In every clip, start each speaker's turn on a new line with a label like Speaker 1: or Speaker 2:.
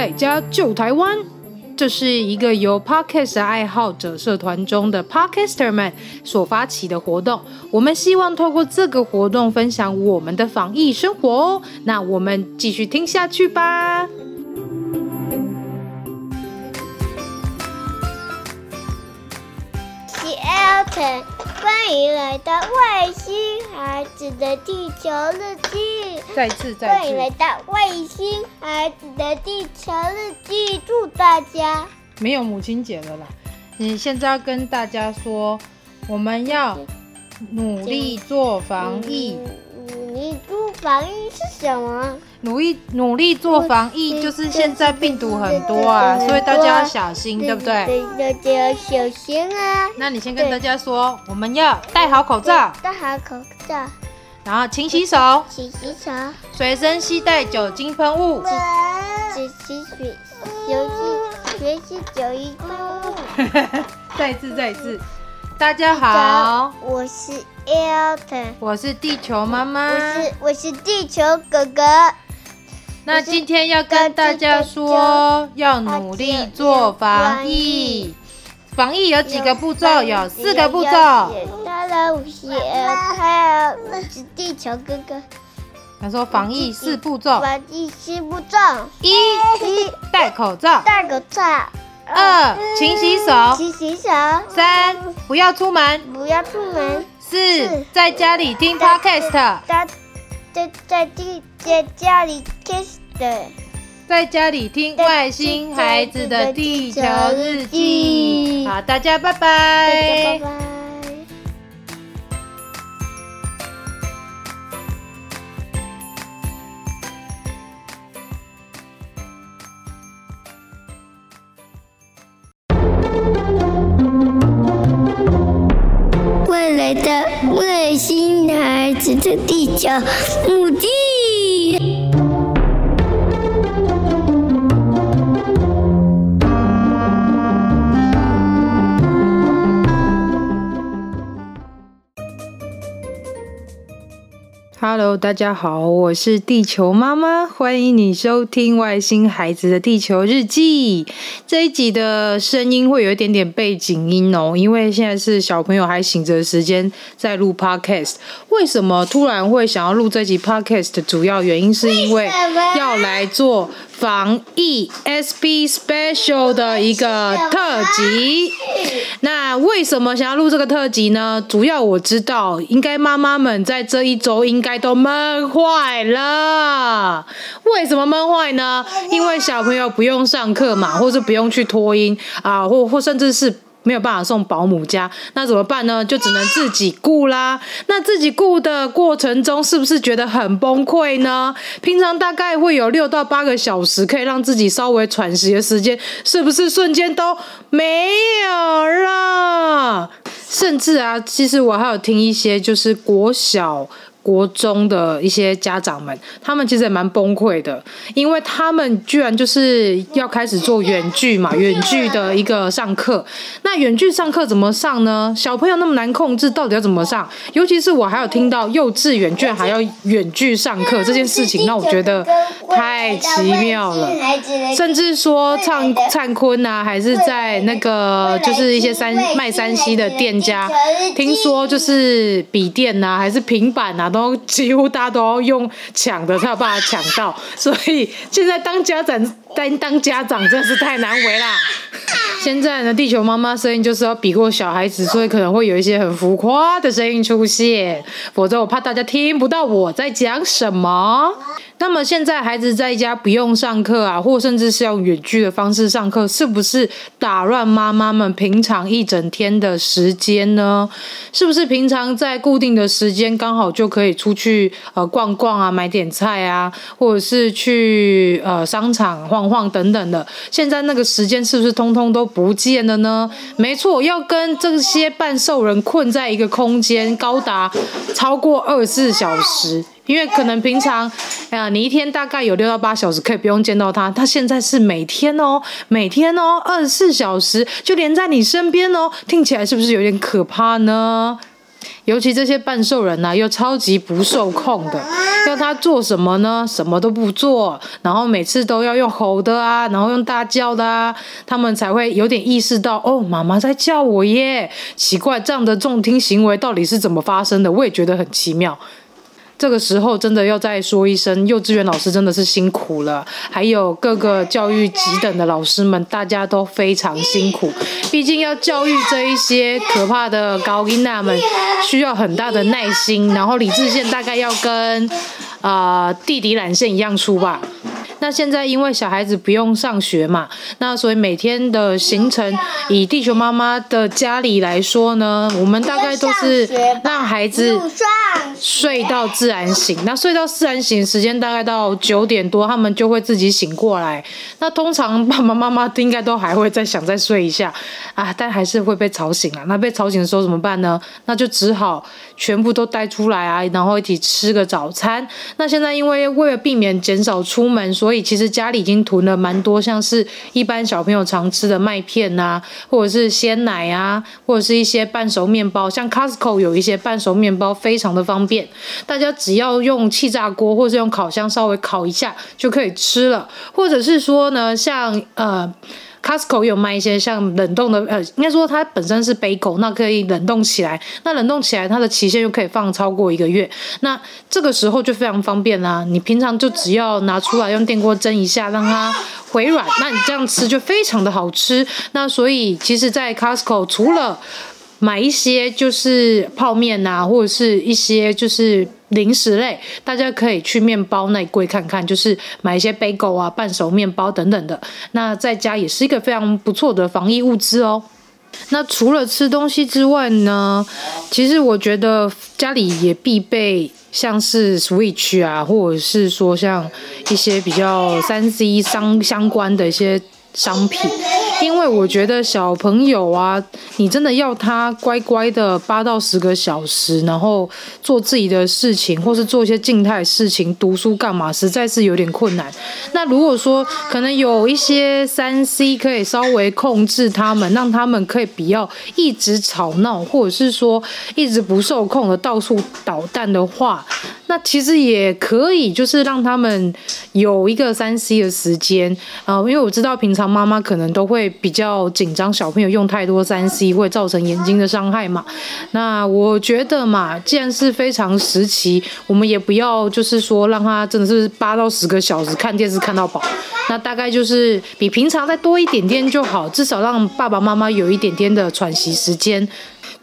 Speaker 1: 在家救台灣，這是一個由 Podcast 愛好者社團中的 Podcaster 們所發起的活動。我們希望透過這個活動，分享我們的防疫生活哦。那我們繼續聽下去吧。altar 歡迎來到外星孩子的地球日記。再次，再次歡迎來到外星孩子的地球日記。祝大家沒有母親節了啦！你現在要跟大家說，我們要努力做防疫。努力做防疫，努力做防疫是什麼？努力努力做防疫，就是現在病毒很多啊，所以大家要小心，對不對？所以大家要小心啊！那你先跟大家說，我們要戴好口罩，戴好口罩，然後勤洗手，勤洗手，隨身攜帶酒精噴霧，隨隨隨隨隨隨酒精噴霧。哈哈哈再一次，再一次，大家好，我是 Alton，我是地球媽媽，我是我是地球哥哥。那今天要跟大家說，要努力做防疫。防疫有幾個步驟，有四個步驟。Hello，小朋友，是地球哥哥。他說：“防疫四步驟。”防疫四步驟。一、戴口罩。戴口罩。二、勤洗手。勤、嗯、洗、洗手。三、不要出門。不要出門。四、在家裡聽 Podcast。在，在地在家裡聽的，在家裡聽外星孩子的地球日記。好，大家拜拜。地球媽媽。Hello，大家好，我是地球媽媽，歡迎你收聽外星孩子的地球日記。這一集的聲音會有一點點背景音哦，因為現在是小朋友還醒着的時間在錄 Podcast。為什麼突然會想要錄這集 Podcast 的主要原因是因為要來做防疫 SP Special 的一個特輯。那為什麼想要錄這個特輯呢？主要我知道，應該媽媽們在這一周應該都悶壞了。為什麼悶壞呢？因為小朋友不用上課嘛，或者不用去托嬰啊，或或甚至是。沒有辦法送保姆家，那怎麼辦呢？就只能自己顧啦。那自己顧的過程中，是不是覺得很崩潰呢？平常大概會有六到八個小時可以讓自己稍微喘息的時間，是不是瞬間都沒有啦？甚至啊，其實我還有聽一些，就是國小。國中的一些家長們，他們其實也蠻崩潰的，因為他們居然就是要開始做遠距嘛，遠距的一個上課。那遠距上課怎麼上呢？小朋友那麼難控制，到底要怎麼上？尤其是我還有聽到幼稚園居然還要遠距上課這件事情，讓我覺得太奇妙了。甚至說唱燦坤吶、啊，還是在那個就是一些三賣 3C 的店家，聽說就是筆電吶、啊，還是平板啊。都幾乎大家都要用搶的，才有辦法搶到，所以現在當家長，當當家長真是太難為啦。現在呢，地球媽媽聲音就是要比過小孩子，所以可能會有一些很浮誇的聲音出現，否則我怕大家聽不到我在講什麼。那麼現在孩子在家不用上課啊，或甚至是要遠距的方式上課，是不是打亂媽媽們平常一整天的時間呢？是不是平常在固定的時間剛好就可以出去呃逛逛啊，買點菜啊，或者是去呃商場晃晃等等的？現在那個時間是不是通通都？不見了呢？沒錯，要跟這些半獸人困在一個空間，高達超過二十四小時，因為可能平常，呀，你一天大概有六到八小時可以不用見到他，他現在是每天哦，每天哦，二十四小時就黏在你身邊哦，聽起來是不是有點可怕呢？尤其這些半獸人吶、啊，又超級不受控的，要他做什麼呢？什麼都不做，然後每次都要用吼的啊，然後用大叫的啊，他們才會有點意識到哦，媽媽在叫我耶。奇怪，這樣的重聽行為到底是怎麼發生的？我也覺得很奇妙。這個時候真的要再說一聲，幼稚園老師真的是辛苦了，還有各個教育級等的老師們，大家都非常辛苦。畢竟要教育這一些可怕的高音娜們，需要很大的耐心。然後理智線大概要跟，啊、呃，弟弟纜線一樣粗吧。那現在因為小孩子不用上學嘛，那所以每天的行程以地球媽媽的家裡來說呢，我們大概都是讓孩子睡到自然醒。那睡到自然醒時間大概到九點多，他們就會自己醒過來。那通常爸爸媽、媽媽應該都還會再想再睡一下啊，但還是會被吵醒啊，那被吵醒的時候怎麼辦呢？那就只好全部都帶出來啊，然後一起吃個早餐。那現在因為為了避免減少出門所以。所以其實家裡已經囤了蠻多，像是一般小朋友常吃的麥片啊、或者是鮮奶啊，或者是一些半熟麵包。像 Costco 有一些半熟麵包，非常的方便，大家只要用氣炸鍋或是用烤箱稍微烤一下就可以吃了。或者是說呢，像呃。Costco 有賣一些像冷凍的，呃，應該說它本身是貝果，那可以冷凍起來。那冷凍起來，它的期限就可以放超過一個月。那這個時候就非常方便啦。你平常就只要拿出來用電鍋蒸一下，讓它回軟，那你這樣吃就非常的好吃。那所以，其實，在 Costco 除了買一些就是泡麵啊，或者是一些就是零食類，大家可以去麵包那一櫃看看，就是買一些貝果啊、半熟麵包等等的，那在家也是一個非常不錯的防疫物資哦。那除了吃東西之外呢，其實我覺得家裡也必備像是 Switch 啊，或者是說像一些比較三 C 相相關的一些商品。因為我覺得小朋友啊，你真的要他乖乖的八到十個小時，然後做自己的事情，或是做一些靜態的事情，讀書幹嘛，實在是有點困難。那如果說可能有一些三 C 可以稍微控制他們，讓他們可以不要一直吵鬧，或者是說一直不受控的到處搗蛋的話，那其實也可以，就是讓他們有一個三 C 的時間啊，呃，因為我知道平常媽媽可能都會。比較緊張，小朋友用太多三 C 會造成眼睛的傷害嘛？那我覺得嘛，既然是非常時期，我們也不要就是說讓他真的是八到十個小時看電視看到飽，那大概就是比平常再多一點點就好，至少讓爸爸媽媽有一點點的喘息時間。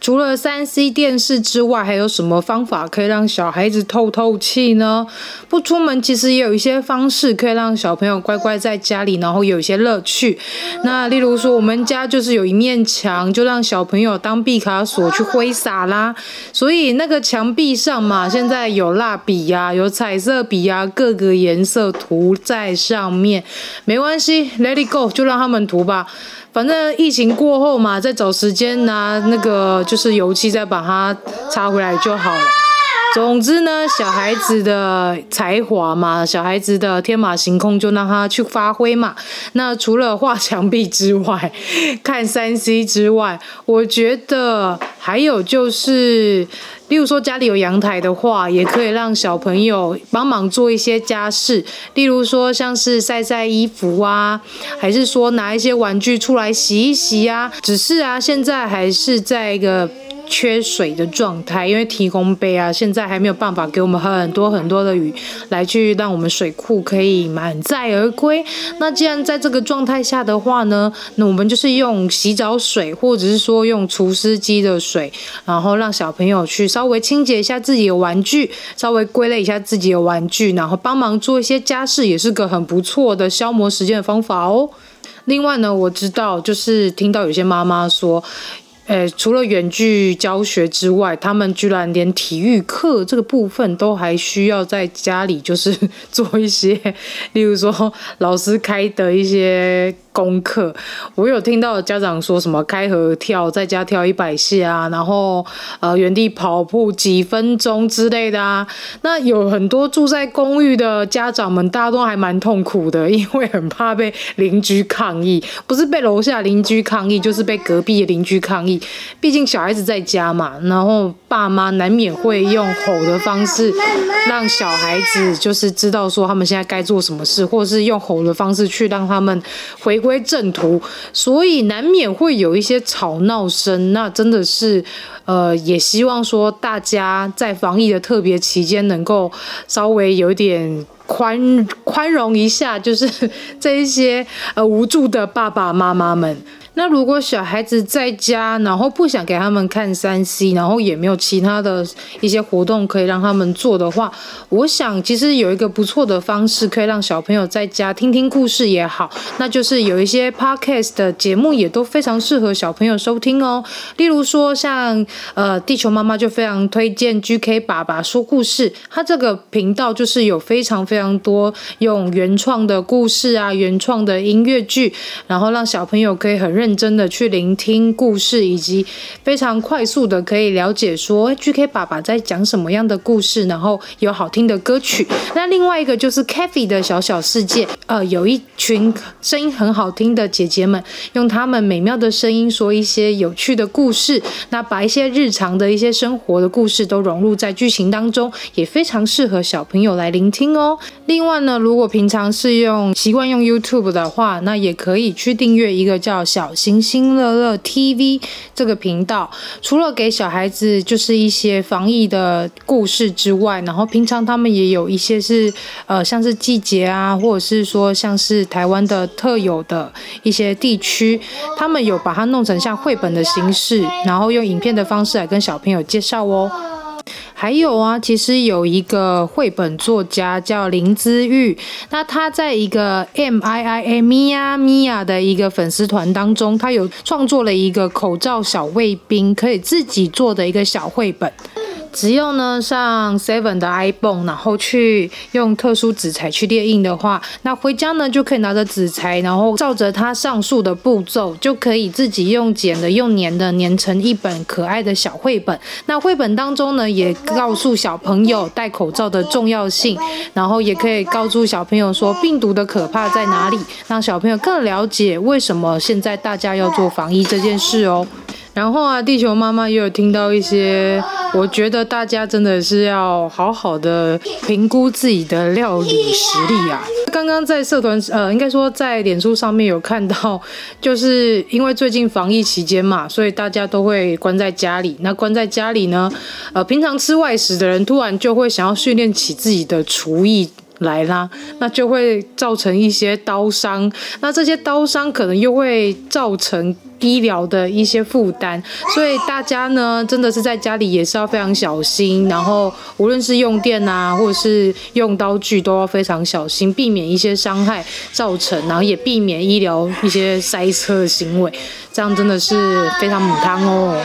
Speaker 1: 除了三 C 電視之外，還有什麼方法可以讓小孩子透透氣呢？不出門其實也有一些方式可以讓小朋友乖乖在家裡，然後有一些樂趣。那例如說，我們家就是有一面牆，就讓小朋友當畢卡索去揮灑啦。所以那個牆壁上嘛，現在有蠟筆呀、啊，有彩色筆呀、啊，各個顏色塗在上面，沒關係，Let it go，就讓他們塗吧。反正疫情過後嘛，再找時間拿、啊、那個就是油漆，再把它擦回來就好了。總之呢，小孩子的才華嘛，小孩子的天馬行空就讓他去發揮嘛。那除了畫牆壁之外，看三 C 之外，我覺得還有就是，例如說家裡有陽台的話，也可以讓小朋友幫忙做一些家事，例如說像是曬曬衣服啊，還是說拿一些玩具出來洗一洗啊。只是啊，現在還是在一個。缺水的狀態，因為天公伯啊，現在還沒有辦法給我們很多很多的雨來去，讓我們水庫可以滿載而歸。那既然在這個狀態下的話呢，那我們就是用洗澡水，或者是說用除濕機的水，然後讓小朋友去稍微清潔一下自己的玩具，稍微歸類一下自己的玩具，然後幫忙做一些家事，也是個很不錯的消磨時間的方法哦。另外呢，我知道就是聽到有些媽媽說。哎，除了遠距教學之外，他們居然連體育課這個部分都還需要在家裡，就是做一些，例如說老師開的一些功課。我有聽到家長說什麼開合跳在家跳一百下啊，然後呃原地跑步幾分鐘之類的啊。那有很多住在公寓的家長們，大家都還蠻痛苦的，因為很怕被鄰居抗議，不是被樓下鄰居抗議，就是被隔壁的鄰居抗議。畢竟小孩子在家嘛，然後爸媽難免會用吼的方式讓小孩子就是知道說他們現在該做什麼事，或者是用吼的方式去讓他們回歸正途，所以難免會有一些吵鬧聲。那真的是，呃，也希望說大家在防疫的特別期間能夠稍微有一點寬寬容一下，就是這一些呃無助的爸爸媽媽們。那如果小孩子在家，然後不想給他們看三 C，然後也沒有其他的一些活動可以讓他們做的話，我想其實有一個不錯的方式，可以讓小朋友在家聽聽故事也好，那就是有一些 Podcast 的節目也都非常適合小朋友收聽哦。例如說像呃地球媽媽就非常推薦 GK 爸爸說故事，他這個頻道就是有非常非常多用原創的故事啊，原創的音樂劇，然後讓小朋友可以很認識。認真的去聆聽故事，以及非常快速的可以了解說，GK 爸爸在講什麼樣的故事，然後有好聽的歌曲。那另外一個就是 Cafi 的小小世界，呃，有一群聲音很好聽的姐姐們，用她們美妙的聲音說一些有趣的故事，那把一些日常的一些生活的故事都融入在劇情當中，也非常適合小朋友來聆聽哦。另外呢，如果平常是用習慣用 YouTube 的話，那也可以去訂閱一個叫小。小行星樂樂 TV 這個頻道，除了給小孩子就是一些防疫的故事之外，然後平常他們也有一些是呃，像是季節啊，或者是說像是台灣的特有的一些地區，他們有把它弄成像繪本的形式，然後用影片的方式來跟小朋友介紹哦。還有啊，其實有一個繪本作家叫林之玉，那他在一個 M I I I A Mia Mia 的一個粉絲團當中，他有創作了一個口罩小衛兵，可以自己做的一個小繪本。只用呢上 Seven 的 ibon，然後去用特殊紙材去列印的話，那回家呢就可以拿着紙材，然後照着它上述的步驟，就可以自己用剪的、用粘的，粘成一本可愛的小繪本。那繪本當中呢，也告訴小朋友戴口罩的重要性，然後也可以告訴小朋友說病毒的可怕在哪裡，讓小朋友更了解為什麼現在大家要做防疫這件事哦。然後啊，地球媽媽也有聽到一些，我覺得大家真的是要好好的評估自己的料理實力啊。剛剛在社團，呃，應該說在臉書上面有看到，就是因為最近防疫期間嘛，所以大家都會關在家裡。那關在家裡呢，呃，平常吃外食的人突然就會想要訓練起自己的廚藝。來啦，那就會造成一些刀傷，那這些刀傷可能又會造成醫療的一些負擔，所以大家呢真的是在家裡也是要非常小心，然後無論是用電啊，或者是用刀具，都要非常小心，避免一些傷害造成，然後也避免醫療一些塞車的行為，這樣真的是非常母湯哦。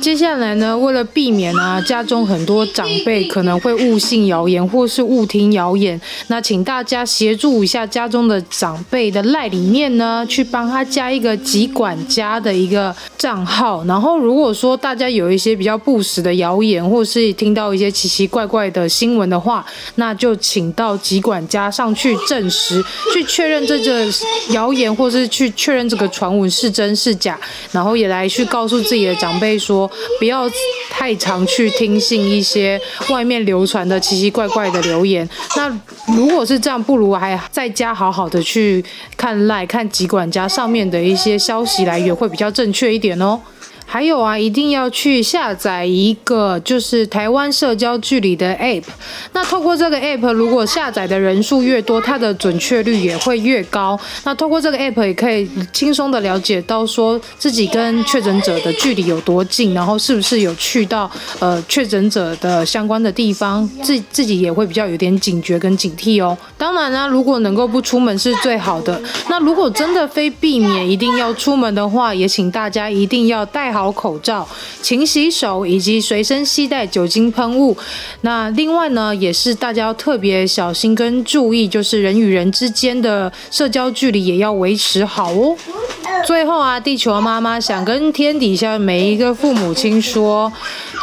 Speaker 1: 接下來呢，為了避免啊家中很多長輩可能會誤信謠言或是誤聽謠言，那請大家協助一下家中的長輩的賴裡面呢，去幫他加一個疾管家的一個賬號。然後如果說大家有一些比較不實的謠言或是聽到一些奇奇怪怪的新聞的話，那就請到疾管家上去證實，去確認這個謠言或是去確認這個傳聞是真是假，然後也來去告訴自己的長輩說。不要太常去聽信一些外面流傳的奇奇怪怪的留言。那如果是這樣，不如還在家好好的去看賴，看疾管家上面的一些消息來源，會比較正確一點哦。還有啊，一定要去下載一個就是台灣社交距離的 app。那透過這個 app，如果下載的人數越多，它的準確率也會越高。那透過這個 app，也可以輕鬆的了解到說自己跟確診者的距離有多近，然後是不是有去到呃確診者的相關的地方，自自己也會比較有點警覺跟警惕哦。當然呢、啊，如果能夠不出門是最好的。那如果真的非避免一定要出門的話，也請大家一定要帶好。好口罩，勤洗手，以及隨身攜帶酒精噴霧。那另外呢，也是大家要特別小心跟注意，就是人與人之間的社交距離也要維持好哦。最後啊，地球媽媽想跟天底下每一個父母親說，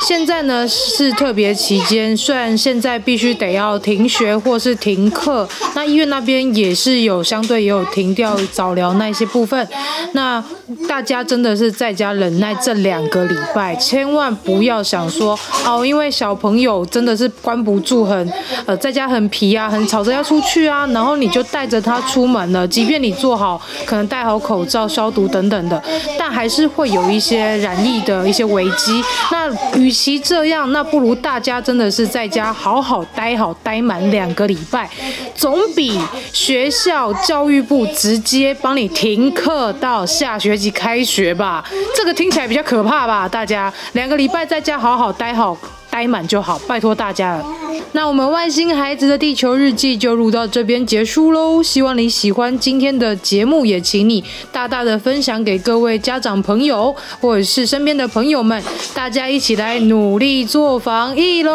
Speaker 1: 現在呢是特別期間，雖然現在必須得要停學或是停課，那醫院那邊也是有相對也有停掉早療那些部分。那大家真的是在家忍耐。這兩個禮拜，千萬不要想說哦，因為小朋友真的是關不住很，很呃在家很皮啊，很吵着要出去啊，然後你就帶着他出門了。即便你做好，可能戴好口罩、消毒等等的，但還是會有一些染疫的一些危機。那與其這樣，那不如大家真的是在家好好待好，待滿兩個禮拜，總比學校教育部直接幫你停課到下學期開學吧。這個聽起來比比較可怕吧，大家兩個禮拜在家好好待好，待滿就好，拜托大家了。那我們外星孩子的地球日記就錄到這邊結束嘍。希望你喜歡今天的節目，也請你大大的分享給各位家長朋友或者是身邊的朋友們，大家一起來努力做防疫嘍。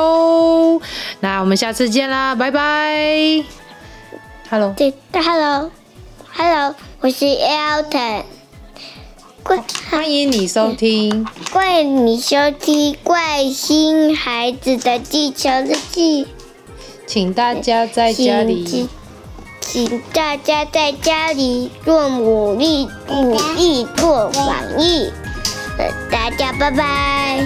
Speaker 1: 那我們下次見啦，拜拜。Hello，Hello，Hello，Hello. Hello. 我是 Alton。歡迎你收聽，歡迎你收聽《外星孩子的地球日記》。請大家在家裡請，請大家在家裡做努力，努力做防疫。大家拜拜。